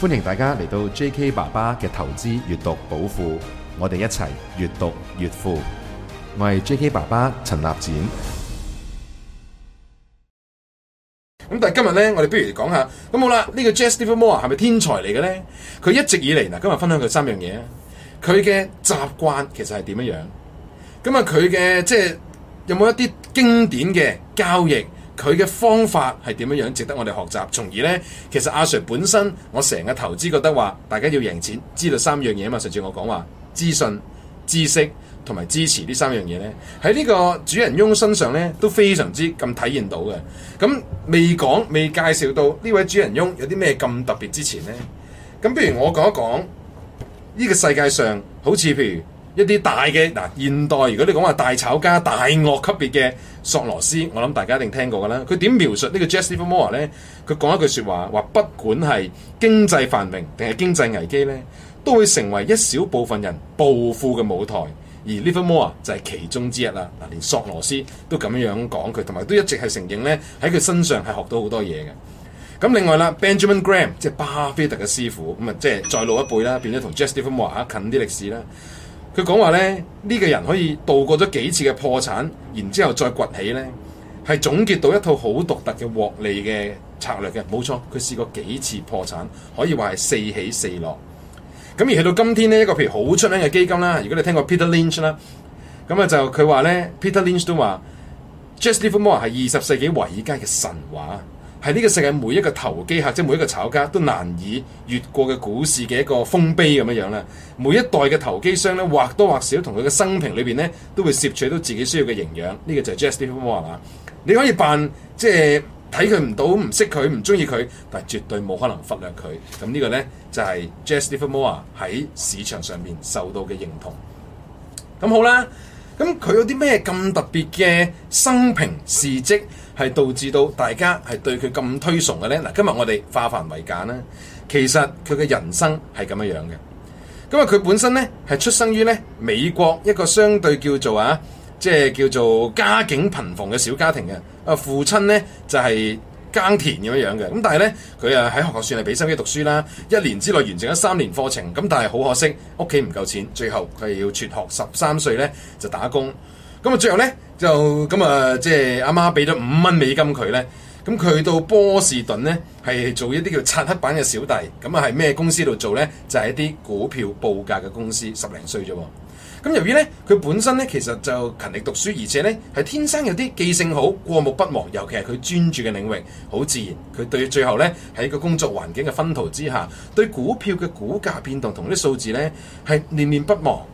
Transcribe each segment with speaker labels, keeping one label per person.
Speaker 1: 歡迎大家嚟到 J.K. 爸爸嘅投資閱讀寶庫，我哋一齊閱讀越富。我係 J.K. 爸爸陳立展。咁但係今日咧，我哋不如講下咁好啦。呢個 Jesse Livermore 係咪天才嚟嘅咧？佢一直以嚟嗱，今日分享佢三樣嘢啊。佢嘅習慣其實係點樣樣？咁啊，佢嘅即係有冇一啲經典嘅交易？佢嘅方法係點樣樣，值得我哋學習，從而呢，其實阿 Sir 本身我成日投資覺得話，大家要贏錢，知道三樣嘢嘛。上次我講話資訊、知識同埋支持呢三樣嘢呢，喺呢個主人翁身上呢都非常之咁體現到嘅。咁未講未介紹到呢位主人翁有啲咩咁特別之前呢，咁不如我講一講，呢個世界上好似譬如，一啲大嘅嗱，現代如果你講話大炒家、大惡級別嘅索羅斯，我諗大家一定聽過㗎啦。佢點描述個呢個 Jesse Livermore 咧？佢講一句説話，話不管係經濟繁榮定係經濟危機咧，都會成為一小部分人暴富嘅舞台。而 Jesse Livermore 就係其中之一啦。嗱，連索羅斯都咁樣講佢，同埋都一直係承認咧，喺佢身上係學到好多嘢嘅。咁另外啦，Benjamin Graham 即係巴菲特嘅師傅，咁啊即係再老一輩啦，變咗同 Jesse Livermore 啊近啲歷史啦。佢講話咧，呢、這個人可以度過咗幾次嘅破產，然之後再崛起咧，係總結到一套好獨特嘅獲利嘅策略嘅，冇錯。佢試過幾次破產，可以話係四起四落。咁而去到今天呢，一個譬如好出名嘅基金啦，如果你聽過 Peter Lynch 啦，咁啊就佢話咧，Peter Lynch 都話，Jesse Livermore 係二十世紀華爾街嘅神話。係呢個世界每一個投機客，即係每一個炒家，都難以越過嘅股市嘅一個豐碑咁樣樣咧。每一代嘅投機商咧，或多或少同佢嘅生平裏邊咧，都會攝取到自己需要嘅營養。呢、這個就係 Jesse Livermore 啦。你可以扮即係睇佢唔到，唔識佢，唔中意佢，但係絕對冇可能忽略佢。咁、這個、呢個咧就係、是、Jesse Livermore 喺市場上面受到嘅認同。咁好啦。咁佢有啲咩咁特別嘅生平事蹟係導致到大家係對佢咁推崇嘅呢？嗱，今日我哋化繁為簡啦。其實佢嘅人生係咁樣樣嘅。咁啊，佢本身呢係出生於呢美國一個相對叫做啊，即係叫做家境貧窮嘅小家庭嘅。啊，父親呢，就係、是、耕田咁樣樣嘅，咁但係呢，佢啊喺學校算係俾心機讀書啦，一年之內完成咗三年課程，咁但係好可惜，屋企唔夠錢，最後佢要輟學，十三歲呢就打工，咁啊最後呢，就咁啊、呃、即係阿媽俾咗五蚊美金佢呢。咁佢到波士頓呢，係做一啲叫擦黑板嘅小弟，咁啊係咩公司度做呢？就係、是、一啲股票報價嘅公司，十零歲啫。咁由於咧，佢本身咧其實就勤力讀書，而且咧係天生有啲記性好，過目不忘。尤其係佢專注嘅領域好自然，佢對最後咧喺個工作環境嘅薰陶之下，對股票嘅股價變動同啲數字咧係念念不忘，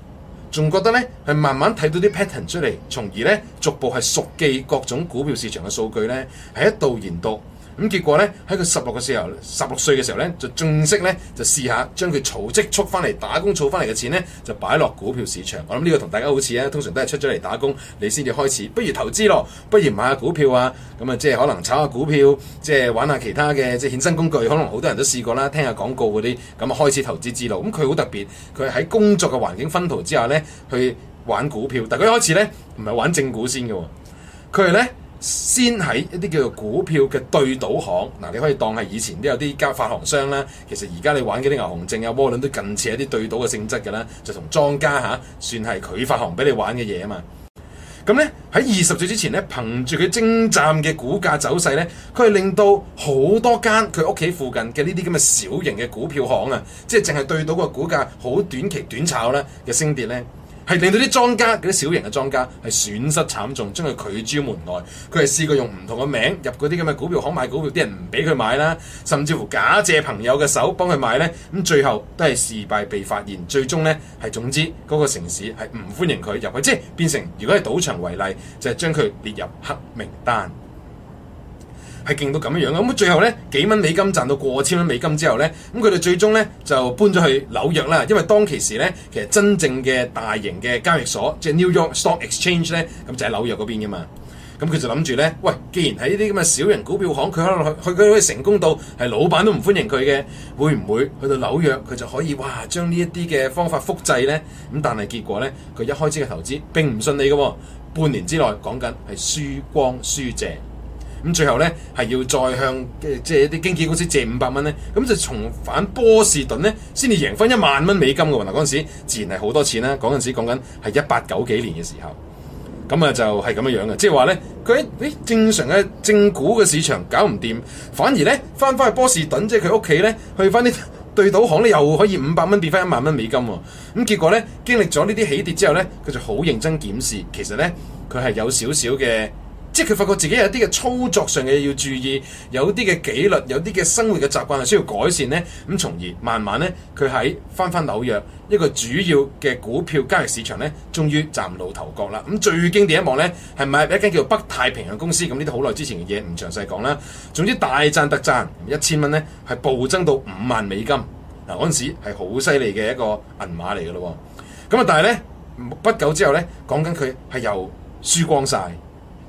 Speaker 1: 仲覺得咧係慢慢睇到啲 pattern 出嚟，從而咧逐步係熟記各種股票市場嘅數據咧係一度研讀。咁結果呢，喺佢十六嘅時候，十六歲嘅時候呢，就正式呢，就試下將佢儲積蓄翻嚟打工儲翻嚟嘅錢呢，就擺落股票市場。我諗呢個同大家好似啊，通常都係出咗嚟打工，你先至開始，不如投資咯，不如買下股票啊。咁啊，即係可能炒下股票，即係玩下其他嘅即係衍生工具，可能好多人都試過啦，聽下廣告嗰啲，咁啊開始投資之路。咁佢好特別，佢喺工作嘅環境薰陶之下呢，去玩股票。但係佢一開始呢，唔係玩正股先嘅，佢係呢。先喺一啲叫做股票嘅對賭行，嗱，你可以當係以前都有啲家發行商啦。其實而家你玩嗰啲牛熊證啊、窩輪都近似一啲對賭嘅性質嘅啦，就同莊家吓算係佢發行俾你玩嘅嘢啊嘛。咁呢，喺二十歲之前呢，憑住佢精湛嘅股價走勢呢，佢係令到好多間佢屋企附近嘅呢啲咁嘅小型嘅股票行啊，即係淨係對賭個股價好短期短炒呢，嘅升跌呢。係令到啲莊家嗰啲小型嘅莊家係損失慘重，將佢拒之門外。佢係試過用唔同嘅名入嗰啲咁嘅股票行買股票，啲人唔俾佢買啦。甚至乎假借朋友嘅手幫佢買呢。咁最後都係事敗被發現，最終呢係總之嗰個城市係唔歡迎佢入去，即係變成如果係賭場為例，就係將佢列入黑名單。係勁到咁樣樣嘅，咁最後呢，幾蚊美金賺到過千蚊美金之後呢，咁佢哋最終呢，就搬咗去紐約啦。因為當其時呢，其實真正嘅大型嘅交易所，即係 New York Stock Exchange 呢，咁就喺紐約嗰邊㗎嘛。咁佢就諗住呢：「喂，既然喺呢啲咁嘅小型股票行，佢可能佢佢佢成功到係老闆都唔歡迎佢嘅，會唔會去到紐約佢就可以哇將呢一啲嘅方法複製呢？」咁但係結果呢，佢一開始嘅投資並唔順利嘅喎，半年之內講緊係輸光輸淨。咁最後咧，係要再向即係一啲經紀公司借五百蚊咧，咁就重返波士頓咧，先至贏翻一萬蚊美金嘅喎。嗱，嗰陣時自然係好多錢啦、啊，嗰陣時講緊係一八九幾年嘅時候，咁啊就係咁樣樣嘅，即係話咧，佢喺啲正常嘅正股嘅市場搞唔掂，反而咧翻翻去波士頓即係佢屋企咧，去翻啲對賭行咧又可以五百蚊變翻一萬蚊美金喎。咁結果咧，經歷咗呢啲起跌之後咧，佢就好認真檢視，其實咧佢係有少少嘅。即係佢發覺自己有啲嘅操作上嘅要注意，有啲嘅紀律，有啲嘅生活嘅習慣係需要改善呢，咁從而慢慢呢，佢喺翻翻紐約一個主要嘅股票交易市場呢，終於站露頭角啦。咁最經典一幕呢，係買一間叫北太平洋公司。咁呢啲好耐之前嘅嘢，唔詳細講啦。總之大賺特賺，一千蚊呢係暴增到五萬美金嗱，嗰陣時係好犀利嘅一個銀碼嚟㗎咯。咁啊，但係呢，不久之後呢，講緊佢係又輸光晒。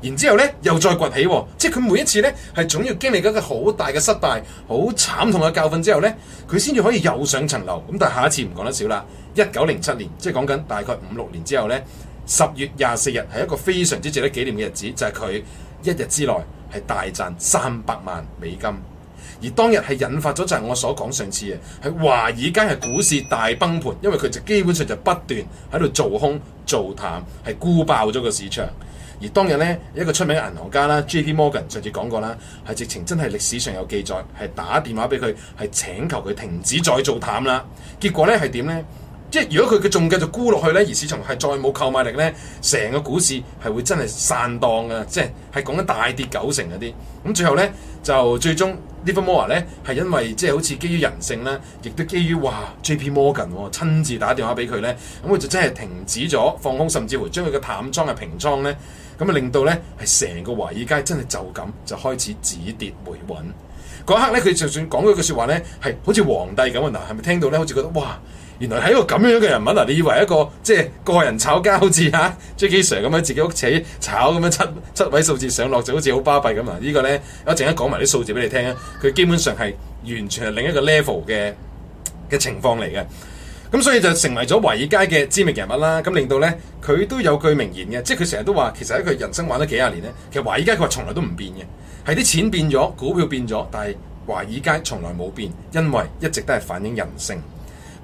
Speaker 1: 然之後呢，又再崛起，即係佢每一次呢，係總要經歷一個好大嘅失敗、好慘痛嘅教訓之後呢，佢先至可以又上層樓。咁但係下一次唔講得少啦，一九零七年，即係講緊大概五六年之後呢，十月廿四日係一個非常之值得紀念嘅日子，就係佢一日之內係大賺三百萬美金，而當日係引發咗就係我所講上次嘅，係華爾街嘅股市大崩盤，因為佢就基本上就不斷喺度做空做淡，係沽爆咗個市場。而當日咧，一個出名嘅銀行家啦，J.P. Morgan 上次講過啦，係直情真係歷史上有記載，係打電話俾佢，係請求佢停止再做淡啦。結果咧係點呢？即係如果佢佢仲繼續沽落去咧，而市場係再冇購買力咧，成個股市係會真係散檔啊！即係係講緊大跌九成嗰啲。咁最後咧就最終呢份摩 a 咧係因為即係好似基於人性啦，亦都基於哇 J.P.Morgan 親、哦、自打電話俾佢咧，咁佢就真係停止咗放空，甚至乎將佢嘅淡裝嘅平裝咧，咁啊令到咧係成個華爾街真係就咁就開始止跌回穩。嗰刻咧，佢就算講嗰句説話咧，係好似皇帝咁啊嗱，係咪聽到咧好似覺得哇？原來係一個咁樣嘅人物啊！你以為一個即係個人炒家啊，J.K. 咁樣喺自己屋企炒咁樣七七位數字上落就好似好巴閉咁啊。呢、這個呢，我陣間講埋啲數字俾你聽啊！佢基本上係完全係另一個 level 嘅嘅情況嚟嘅。咁所以就成為咗華爾街嘅知名人物啦。咁、啊、令到呢，佢都有句名言嘅，即係佢成日都話，其實喺佢人生玩咗幾廿年呢。其實華爾街佢話從來都唔變嘅，係啲錢變咗，股票變咗，但係華爾街從來冇變，因為一直都係反映人性。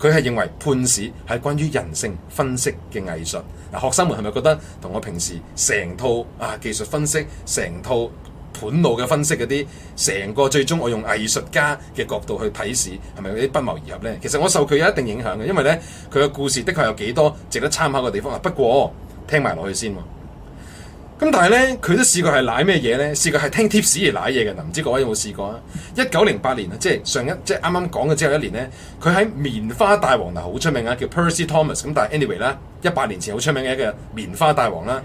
Speaker 1: 佢係認為判市係關於人性分析嘅藝術。嗱，學生們係咪覺得同我平時成套啊技術分析、成套盤路嘅分析嗰啲，成個最終我用藝術家嘅角度去睇市，係咪有啲不謀而合呢？其實我受佢有一定影響嘅，因為呢，佢嘅故事的確有幾多值得參考嘅地方啊。不過聽埋落去先。咁但係咧，佢都試過係舐咩嘢咧？試過係聽 tips 而舐嘢嘅嗱，唔知各位有冇試過啊？一九零八年啊，即係上一，即係啱啱講嘅之後一年咧，佢喺棉花大王嗱，好出名啊，叫 Percy Thomas 咁，但係 anyway 啦，一八年前好出名嘅一個棉花大王啦，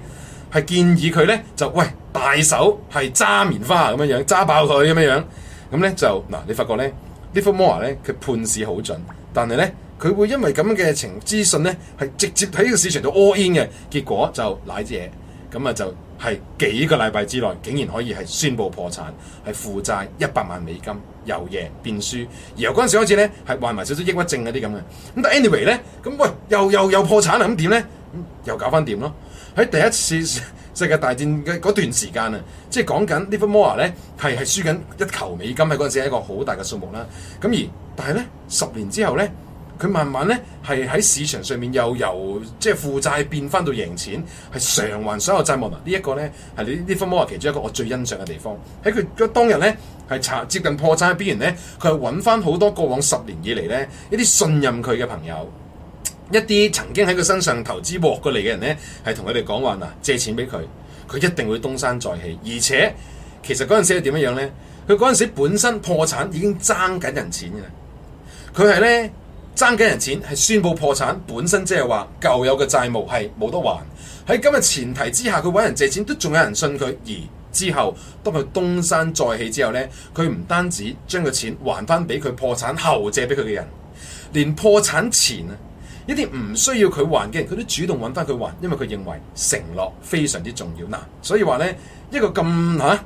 Speaker 1: 係建議佢咧就喂，大手係揸棉花咁樣樣，揸爆佢咁樣樣，咁咧就，嗱你發覺咧，呢個 Livermore 咧，佢判事好準，但係咧佢會因為咁嘅情資訊咧，係直接喺個市場度 all in 嘅，結果就舐隻嘢。咁啊就係幾個禮拜之內，竟然可以係宣布破產，係負債一百萬美金，由贏變輸，而由嗰陣時開始咧，係患埋少少抑鬱症嗰啲咁嘅。咁但 anyway 咧，咁喂又又又破產啊！咁點咧？又搞翻掂咯。喺第一次世界大戰嘅嗰段時間啊，即係講緊 Livermore 咧，係係輸緊一球美金，喺嗰陣時係一個好大嘅數目啦。咁而但係咧，十年之後咧。.佢慢慢咧係喺市場上面又由即係負債變翻到贏錢，係償還所有債務嗱。這個、呢一個咧係利佛摩啊，其中一個我最欣賞嘅地方喺佢當日咧係查接近破產嘅邊緣咧，佢係揾翻好多過往十年以嚟咧一啲信任佢嘅朋友，一啲曾經喺佢身上投資獲過利嘅人咧係同佢哋講話嗱，借錢俾佢，佢一定會東山再起。而且其實嗰陣時係點樣樣咧？佢嗰陣時本身破產已經爭緊人錢嘅啦，佢係咧。爭緊人錢係宣布破產，本身即係話舊有嘅債務係冇得還，喺咁嘅前提之下，佢搵人借錢都仲有人信佢，而之後當佢東山再起之後呢，佢唔單止將個錢還翻俾佢破產後借俾佢嘅人，連破產前啊一啲唔需要佢還嘅人，佢都主動搵翻佢還，因為佢認為承諾非常之重要嗱，所以話呢，一個咁吓。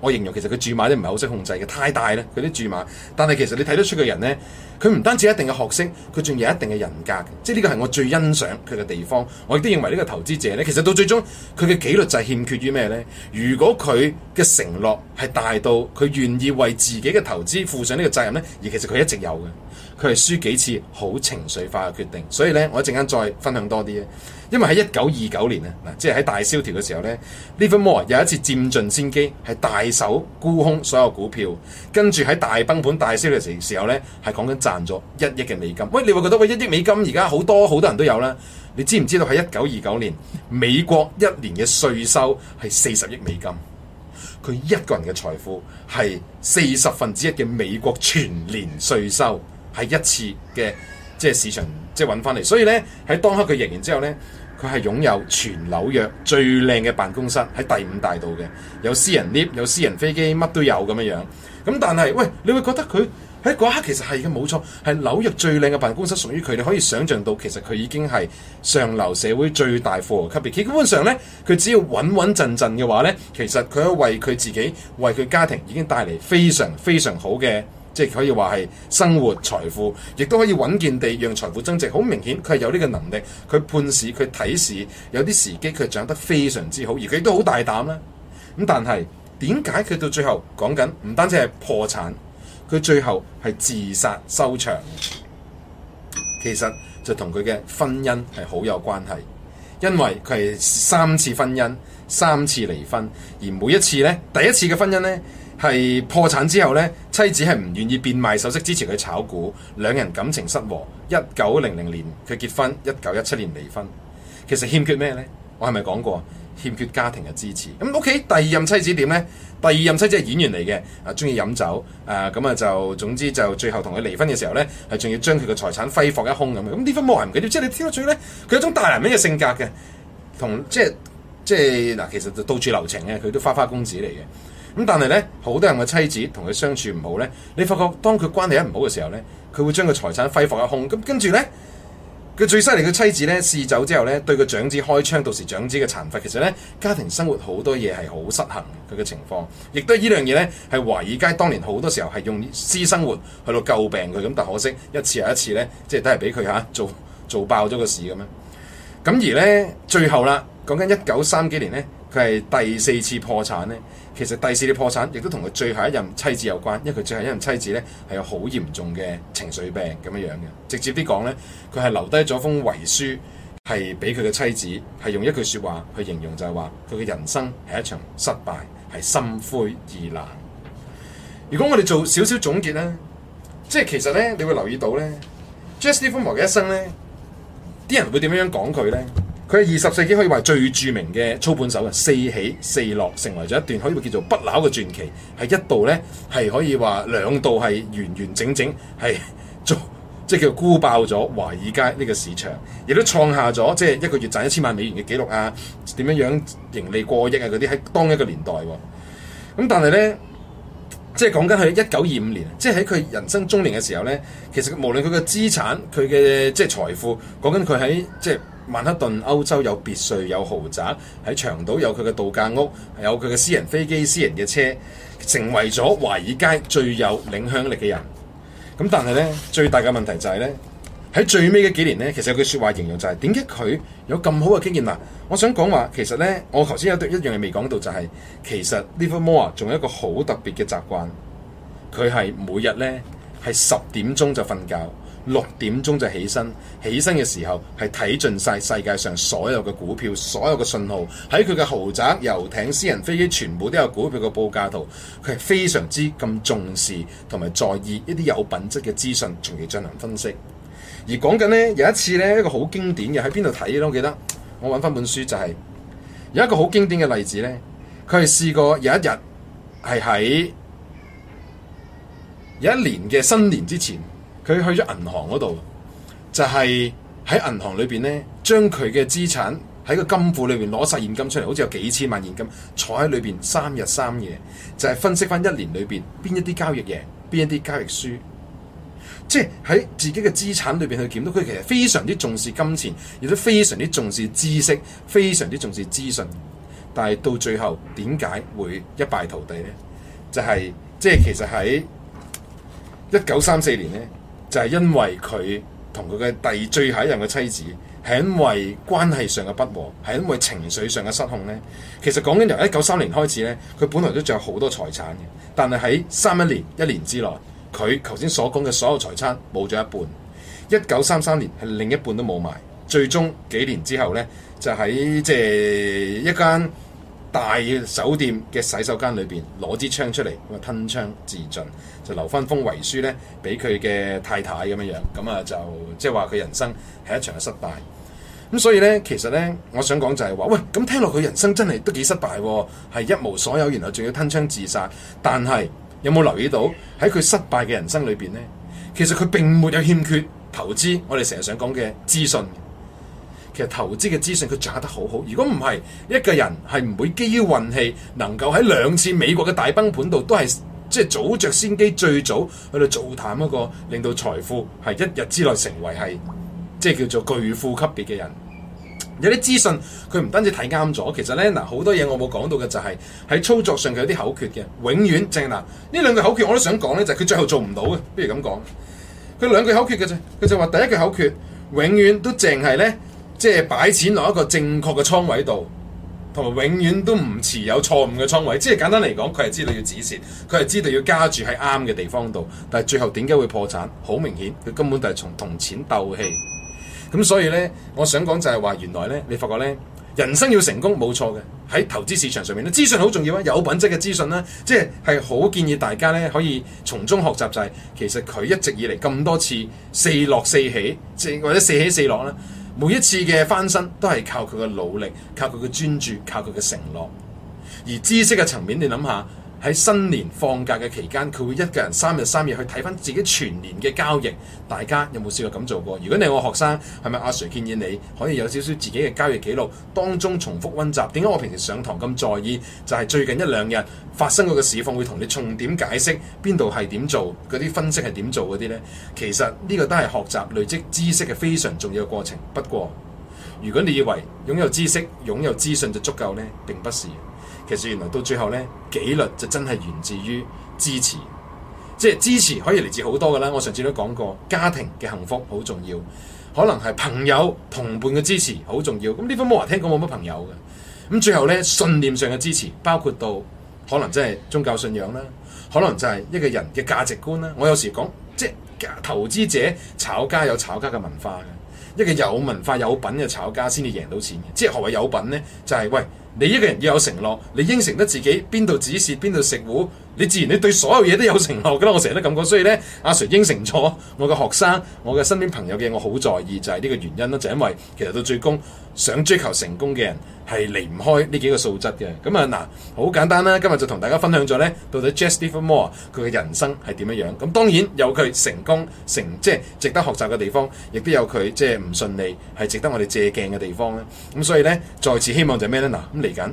Speaker 1: 我形容其實佢注碼呢，唔係好識控制嘅，太大喇，佢啲注碼。但係其實你睇得出個人呢，佢唔單止一定嘅學識，佢仲有一定嘅人格，即係呢個係我最欣賞佢嘅地方。我亦都認為呢個投資者呢，其實到最終佢嘅紀律就係欠缺於咩呢？如果佢嘅承諾係大到佢願意為自己嘅投資負上呢個責任呢，而其實佢一直有嘅。佢係輸幾次好情緒化嘅決定，所以咧，我一陣間再分享多啲啊！因為喺一九二九年啊，嗱，即係喺大蕭條嘅時候咧，Livermore 有一次佔盡先機，係大手沽空所有股票，跟住喺大崩盤，大蕭條時時候咧，係講緊賺咗一億嘅美金。喂，你會覺得喂一億美金而家好多好多人都有啦？你知唔知道喺一九二九年美國一年嘅稅收係四十億美金？佢一個人嘅財富係四十分之一嘅美國全年稅收。係一次嘅，即係市場，即係揾翻嚟。所以呢，喺當刻佢贏完之後呢，佢係擁有全紐約最靚嘅辦公室，喺第五大道嘅，有私人 lift，有私人飛機，乜都有咁樣樣。咁但係，喂，你會覺得佢喺嗰刻其實係嘅冇錯，係紐約最靚嘅辦公室屬於佢。你可以想象到，其實佢已經係上流社會最大富豪級別。基本上呢，佢只要穩穩陣陣嘅話呢，其實佢為佢自己、為佢家庭已經帶嚟非常非常好嘅。即係可以話係生活財富，亦都可以穩健地讓財富增值。好明顯，佢係有呢個能力。佢判市，佢睇市，有啲時機佢長得非常之好，而佢亦都好大膽啦。咁但係點解佢到最後講緊唔單止係破產，佢最後係自殺收場？其實就同佢嘅婚姻係好有關係，因為佢係三次婚姻、三次離婚，而每一次呢，第一次嘅婚姻呢。係破產之後咧，妻子係唔願意變賣首飾支持佢炒股，兩人感情失和。一九零零年佢結婚，一九一七年離婚。其實欠缺咩咧？我係咪講過欠缺家庭嘅支持？咁屋企第二任妻子點咧？第二任妻子係演員嚟嘅，啊鍾意飲酒，啊咁啊就總之就最後同佢離婚嘅時候咧，係仲要將佢嘅財產揮霍一空咁。咁呢份冇人唔緊要，即係你挑到最咧，佢有種大男人嘅性格嘅，同即係即係嗱，其實就到處留情嘅，佢都花花公子嚟嘅。咁但係咧，好多人嘅妻子同佢相處唔好咧，你發覺當佢關係一唔好嘅時候咧，佢會將個財產揮霍一空。咁跟住咧，佢最犀利嘅妻子咧，試走之後咧，對個長子開槍。到時長子嘅殘廢，其實咧，家庭生活好多嘢係好失衡。佢嘅情況，亦都係呢樣嘢咧，係華爾街當年好多時候係用私生活去到詬病佢。咁但可惜一次又一次咧，即係都係俾佢吓做做爆咗個事咁樣。咁而咧，最後啦，講緊一九三幾年咧。佢係第四次破產咧，其實第四次破產亦都同佢最後一任妻子有關，因為佢最後一任妻子咧係有好嚴重嘅情緒病咁樣樣嘅。直接啲講咧，佢係留低咗封遺書，係俾佢嘅妻子，係用一句説話去形容就，就係話佢嘅人生係一場失敗，係心灰意冷。如果我哋做少少總結咧，即係其實咧，你會留意到咧 Jesse Livermore 嘅一生咧，啲人會點樣樣講佢咧？佢喺二十世紀可以話最著名嘅操盤手啊，四起四落，成為咗一段可以叫做不朽嘅傳奇。係一度呢，係可以話兩度係完完整整係做即係叫沽爆咗華爾街呢個市場，亦都創下咗即係一個月賺一千萬美元嘅記錄啊！點樣樣盈利過億啊嗰啲喺當一個年代喎、啊。咁但係呢，即係講緊佢喺一九二五年，即係喺佢人生中年嘅時候呢，其實無論佢嘅資產、佢嘅即係財富，講緊佢喺即係。曼克頓，歐洲有別墅，有豪宅，喺長島有佢嘅度假屋，有佢嘅私人飛機、私人嘅車，成為咗華爾街最有影響力嘅人。咁但係呢，最大嘅問題就係呢。喺最尾嘅幾年呢，其實有句説話形容就係點解佢有咁好嘅經驗嗱。我想講話，其實呢，我頭先有對一樣嘢未講到就係，其實呢 Livermore，仲有一個好特別嘅習慣，佢係每日呢，係十點鐘就瞓覺。六點鐘就起身，起身嘅時候係睇盡晒世界上所有嘅股票、所有嘅信號，喺佢嘅豪宅、遊艇、私人飛機，全部都有股票嘅報價圖。佢係非常之咁重視同埋在意一啲有品質嘅資訊，從而進行分析。而講緊呢，有一次呢，一個好經典嘅喺邊度睇呢？我記得我揾翻本書就係有一個好經典嘅例子呢。佢係試過有一日係喺有一年嘅新年之前。佢去咗銀行嗰度，就係喺銀行裏邊呢，將佢嘅資產喺個金庫裏邊攞晒現金出嚟，好似有幾千萬現金坐喺裏邊三日三夜，就係、是、分析翻一年裏邊邊一啲交易贏，邊一啲交易輸，即係喺自己嘅資產裏邊去檢討。佢其實非常之重視金錢，亦都非常之重視知識，非常之重視資訊。但係到最後點解會一敗塗地呢？就係、是、即係其實喺一九三四年呢。就係因為佢同佢嘅最後一任嘅妻子，係因為關係上嘅不和，係因為情緒上嘅失控呢，其實講緊由一九三年開始呢，佢本來都仲有好多財產嘅，但係喺三一年一年之內，佢頭先所講嘅所有財產冇咗一半。一九三三年係另一半都冇埋，最終幾年之後呢，就喺即係一間大酒店嘅洗手間裏邊攞支槍出嚟，咁啊吞槍自盡，就留返封遺書呢，俾佢嘅太太咁樣樣，咁啊就即係話佢人生係一場失敗。咁所以呢，其實呢，我想講就係話，喂，咁聽落佢人生真係都幾失敗，係一無所有，然後仲要吞槍自殺。但係有冇留意到喺佢失敗嘅人生裏邊呢，其實佢並沒有欠缺投資，我哋成日想講嘅資訊。其實投資嘅資訊佢揸得好好，如果唔係一個人係唔會基於運氣能夠喺兩次美國嘅大崩盤度都係即係早着先機，最早去到造淡一個，令到財富係一日之內成為係即係叫做巨富級別嘅人。有啲資訊佢唔單止睇啱咗，其實咧嗱好多嘢我冇講到嘅就係、是、喺操作上佢有啲口訣嘅，永遠正，嗱呢、就是、兩句口訣我都想講咧，就係佢最後做唔到嘅，不如咁講，佢兩句口訣嘅啫，佢就話第一句口訣永遠都淨係咧。即係擺錢落一個正確嘅倉位度，同埋永遠都唔持有錯誤嘅倉位。即係簡單嚟講，佢係知道要止蝕，佢係知道要加注喺啱嘅地方度。但係最後點解會破產？好明顯，佢根本就係從同錢鬥氣。咁所以呢，我想講就係話，原來呢，你發覺呢，人生要成功冇錯嘅喺投資市場上面咧，資訊好重要啊，有品質嘅資訊啦，即係係好建議大家呢，可以從中學習就係、是、其實佢一直以嚟咁多次四落四起，或者四起四落啦。每一次嘅翻身都係靠佢嘅努力，靠佢嘅專注，靠佢嘅承諾。而知識嘅層面，你諗下。喺新年放假嘅期間，佢會一個人三日三夜去睇翻自己全年嘅交易。大家有冇試過咁做過？如果你係我學生，係咪阿 Sir 建議你可以有少少自己嘅交易記錄，當中重複温習？點解我平時上堂咁在意？就係最近一兩日發生過嘅市況，會同你重點解釋邊度係點做，嗰啲分析係點做嗰啲呢？其實呢個都係學習累積知識嘅非常重要嘅過程。不過，如果你以為擁有知識、擁有資訊就足夠呢，並不是。其實原來到最後呢，紀律就真係源自於支持，即係支持可以嚟自好多㗎啦。我上次都講過，家庭嘅幸福好重要，可能係朋友同伴嘅支持好重要。咁呢番冇話聽講冇乜朋友嘅，咁最後呢，信念上嘅支持，包括到可能真係宗教信仰啦，可能就係一個人嘅價值觀啦。我有時講，即係投資者炒家有炒家嘅文化嘅，一個有文化有品嘅炒家先至贏到錢嘅。即係何謂有品呢？就係、是、喂。你一個人要有承諾，你應承得自己邊度指示邊度食糊，你自然你對所有嘢都有承諾嘅啦。我成日都咁講，所以呢，阿 Sir 應承咗我嘅學生、我嘅身邊朋友嘅，我好在意，就係呢個原因啦。就係、因為其實到最終想追求成功嘅人係離唔開呢幾個素質嘅。咁啊嗱，好簡單啦，今日就同大家分享咗呢，到底 Jess Livermore 佢嘅人生係點樣樣。咁當然有佢成功成即係值得學習嘅地方，亦都有佢即係唔順利係值得我哋借鏡嘅地方咧。咁所以呢，再次希望就咩呢？嗱、啊緊，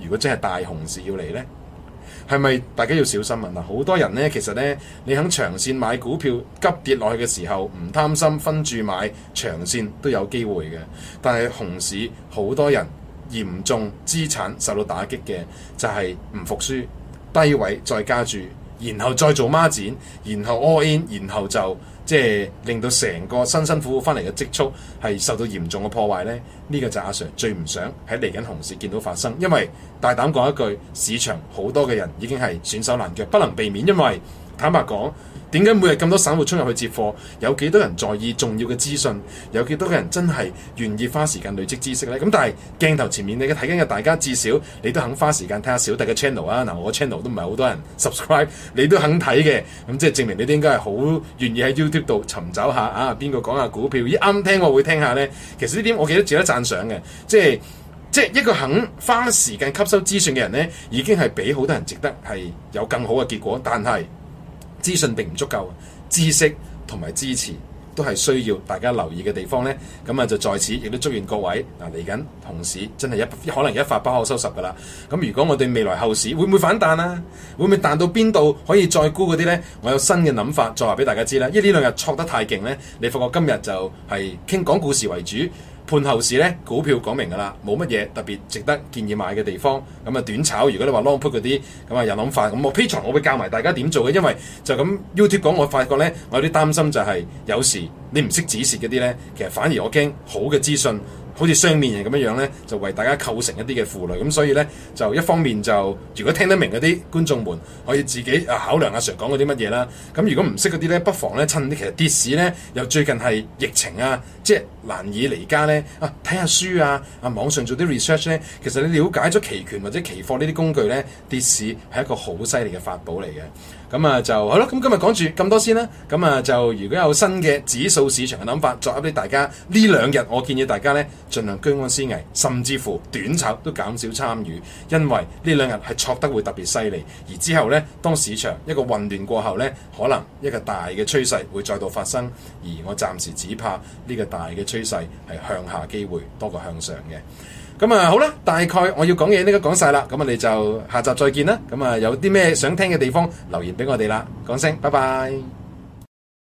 Speaker 1: 如果真係大熊市要嚟呢，係咪大家要小心啊？嗱，好多人呢，其實呢，你肯長線買股票，急跌落去嘅時候唔貪心，分住買長線都有機會嘅。但係熊市，好多人嚴重資產受到打擊嘅，就係、是、唔服輸，低位再加注，然後再做孖展，然後 all in，然後就。即係令到成個辛辛苦苦翻嚟嘅積蓄係受到嚴重嘅破壞呢。呢、呢個就阿 Sir 最唔想喺嚟緊熊市見到發生，因為大膽講一句，市場好多嘅人已經係損手爛腳，不能避免。因為坦白講。點解每日咁多散戶衝入去接貨？有幾多人在意重要嘅資訊？有幾多個人真係願意花時間累積知識呢？咁但係鏡頭前面你睇緊嘅，大家至少你都肯花時間睇下小弟嘅 channel 啊！嗱，我 channel 都唔係好多人 subscribe，你都肯睇嘅，咁即係證明你都應該係好願意喺 YouTube 度尋找下啊！邊個講下股票？咦啱聽，剛剛我會聽下呢。其實呢點我記得值得讚賞嘅，即係即係一個肯花時間吸收資訊嘅人呢，已經係俾好多人值得係有更好嘅結果，但係。資訊並唔足夠，知識同埋支持都係需要大家留意嘅地方呢。咁啊，就在此亦都祝願各位嗱，嚟緊，熊市真係一可能一發不可收拾噶啦。咁如果我對未來後市會唔會反彈啊？會唔會彈到邊度可以再沽嗰啲呢？我有新嘅諗法，再話俾大家知啦。因為呢兩日挫得太勁呢，你發覺今日就係傾講故事為主。判後市呢，股票講明㗎啦，冇乜嘢特別值得建議買嘅地方。咁啊，短炒。如果你話 long put 嗰啲，咁啊有諗法。咁我 Patreon 我會教埋大家點做嘅，因為就咁 YouTube 講，我發覺呢，我有啲擔心就係，有時你唔識止蝕嗰啲呢，其實反而我驚好嘅資訊。好似雙面人咁樣樣咧，就為大家構成一啲嘅負累，咁所以咧就一方面就如果聽得明嗰啲觀眾們可以自己啊考量阿、啊、Sir 講嗰啲乜嘢啦，咁如果唔識嗰啲咧，不妨咧趁啲其實跌市咧又最近係疫情啊，即係難以離家咧啊，睇下書啊，啊網上做啲 research 咧，其實你了解咗期權或者期貨呢啲工具咧，跌市係一個、嗯、好犀利嘅法寶嚟嘅，咁啊就好咯，咁今日講住咁多先啦，咁、嗯、啊就如果有新嘅指數市場嘅諗法，作俾大家呢兩日我建議大家咧。儘量居安思危，甚至乎短炒都減少參與，因為呢兩日係挫得會特別犀利，而之後呢，當市場一個混亂過後呢，可能一個大嘅趨勢會再度發生，而我暫時只怕呢個大嘅趨勢係向下機會多過向上嘅。咁啊，好啦，大概我要講嘢呢個講晒啦，咁我哋就下集再見啦。咁啊，有啲咩想聽嘅地方留言俾我哋啦，講聲拜拜。